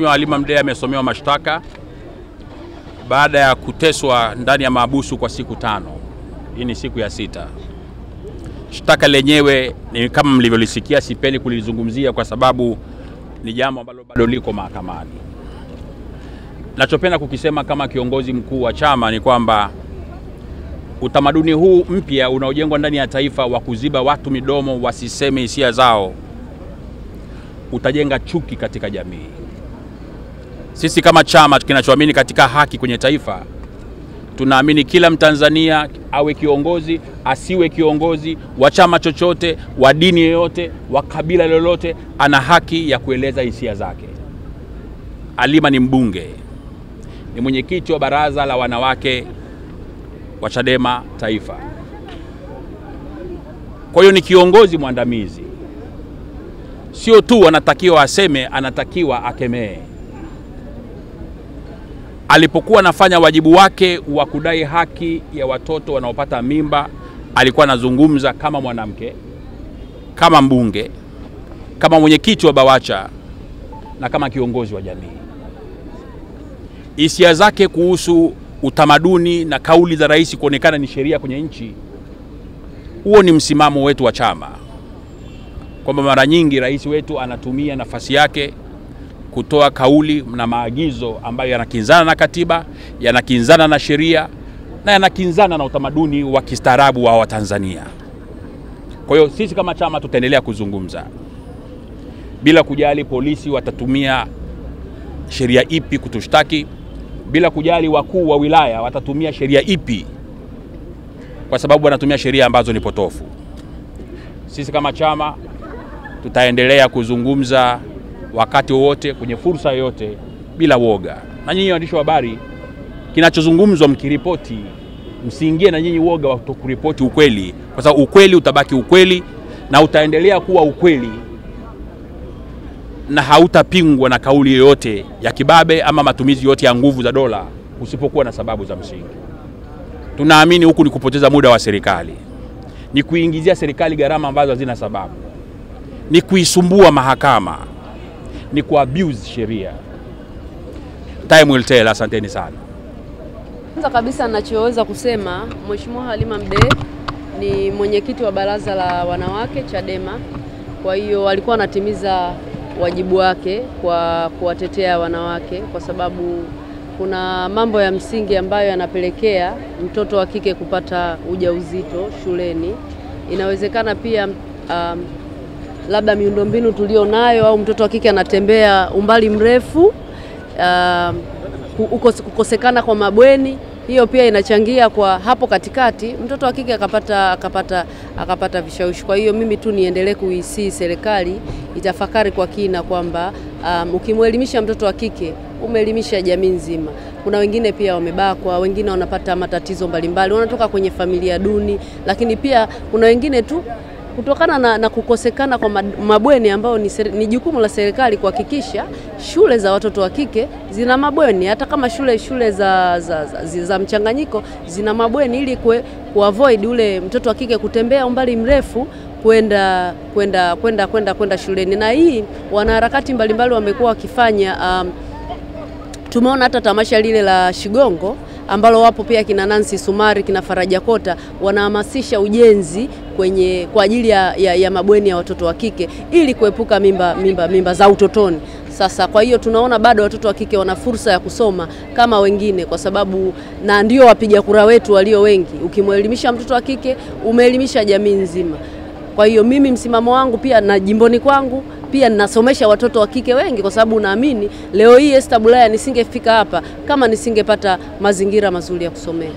Mheshimiwa Halima Mdee amesomewa mashtaka baada ya kuteswa ndani ya maabusu kwa siku tano. Hii ni siku ya sita. Shtaka lenyewe ni kama mlivyolisikia, sipendi kulizungumzia kwa sababu ni jambo ambalo bado liko mahakamani. Nachopenda kukisema kama kiongozi mkuu wa chama ni kwamba utamaduni huu mpya unaojengwa ndani ya taifa wa kuziba watu midomo wasiseme hisia zao utajenga chuki katika jamii. Sisi kama chama kinachoamini katika haki kwenye taifa, tunaamini kila Mtanzania awe kiongozi, asiwe kiongozi, wa chama chochote, wa dini yoyote, wa kabila lolote, ana haki ya kueleza hisia zake. Alima ni mbunge, ni mwenyekiti wa baraza la wanawake wa Chadema Taifa, kwa hiyo ni kiongozi mwandamizi. Sio tu anatakiwa aseme, anatakiwa akemee alipokuwa anafanya wajibu wake wa kudai haki ya watoto wanaopata mimba, alikuwa anazungumza kama mwanamke, kama mbunge, kama mwenyekiti wa BAWACHA na kama kiongozi wa jamii. Hisia zake kuhusu utamaduni na kauli za rais kuonekana ni sheria kwenye nchi, huo ni msimamo wetu wa chama, kwamba mara nyingi rais wetu anatumia nafasi yake kutoa kauli na maagizo ambayo yanakinzana na katiba, yanakinzana na sheria na yanakinzana na utamaduni wa kistaarabu wa Watanzania. Kwa hiyo sisi kama chama tutaendelea kuzungumza bila kujali polisi watatumia sheria ipi kutushtaki, bila kujali wakuu wa wilaya watatumia sheria ipi, kwa sababu wanatumia sheria ambazo ni potofu. Sisi kama chama tutaendelea kuzungumza wakati wowote, kwenye fursa yoyote, bila woga. Na nyinyi waandishi wa habari, kinachozungumzwa mkiripoti, msiingie na nyinyi woga wa kutokuripoti ukweli, kwa sababu ukweli utabaki ukweli na utaendelea kuwa ukweli na hautapingwa na kauli yoyote ya kibabe ama matumizi yote ya nguvu za dola usipokuwa na sababu za msingi. Tunaamini huku ni kupoteza muda wa serikali, ni kuingizia serikali gharama ambazo hazina sababu, ni kuisumbua mahakama ni abuse sheria. Time will tell. Asanteni sana. Kwanza kabisa nachoweza kusema Mheshimiwa Halima Mdee ni mwenyekiti wa baraza la wanawake Chadema, kwa hiyo alikuwa anatimiza wajibu wake kwa kuwatetea wanawake, kwa sababu kuna mambo ya msingi ambayo yanapelekea mtoto wa kike kupata ujauzito shuleni. Inawezekana pia um, labda miundombinu tulio nayo au mtoto wa kike anatembea umbali mrefu uh, kukosekana kwa mabweni hiyo pia inachangia kwa hapo katikati mtoto wa kike akapata, akapata, akapata vishawishi. Kwa hiyo mimi tu niendelee kuisii serikali itafakari kwa kina kwamba um, ukimwelimisha mtoto wa kike umeelimisha jamii nzima. Kuna wengine pia wamebakwa, wengine wanapata matatizo mbalimbali, wanatoka kwenye familia duni, lakini pia kuna wengine tu kutokana na, na kukosekana kwa mabweni ambayo ni, ni jukumu la serikali kuhakikisha shule za watoto wa kike zina mabweni, hata kama shule shule za, za, za, za, za mchanganyiko zina mabweni ili kue, kuavoid ule mtoto wa kike kutembea umbali mrefu kwenda kwenda kwenda kwenda kwenda shuleni. Na hii wanaharakati mbalimbali wamekuwa wakifanya um, tumeona hata tamasha lile la Shigongo ambalo wapo pia kina Nancy Sumari kina Faraja Kota wanahamasisha ujenzi kwenye kwa ajili ya, ya, ya mabweni ya watoto wa kike ili kuepuka mimba, mimba, mimba za utotoni. Sasa kwa hiyo tunaona bado watoto wa kike wana fursa ya kusoma kama wengine, kwa sababu na ndio wapiga kura wetu walio wengi. Ukimwelimisha mtoto wa kike umeelimisha jamii nzima. Kwa hiyo mimi msimamo wangu pia na jimboni kwangu pia ninasomesha watoto wa kike wengi, kwa sababu naamini leo hii Esther Bulaya nisingefika hapa kama nisingepata mazingira mazuri ya kusomea.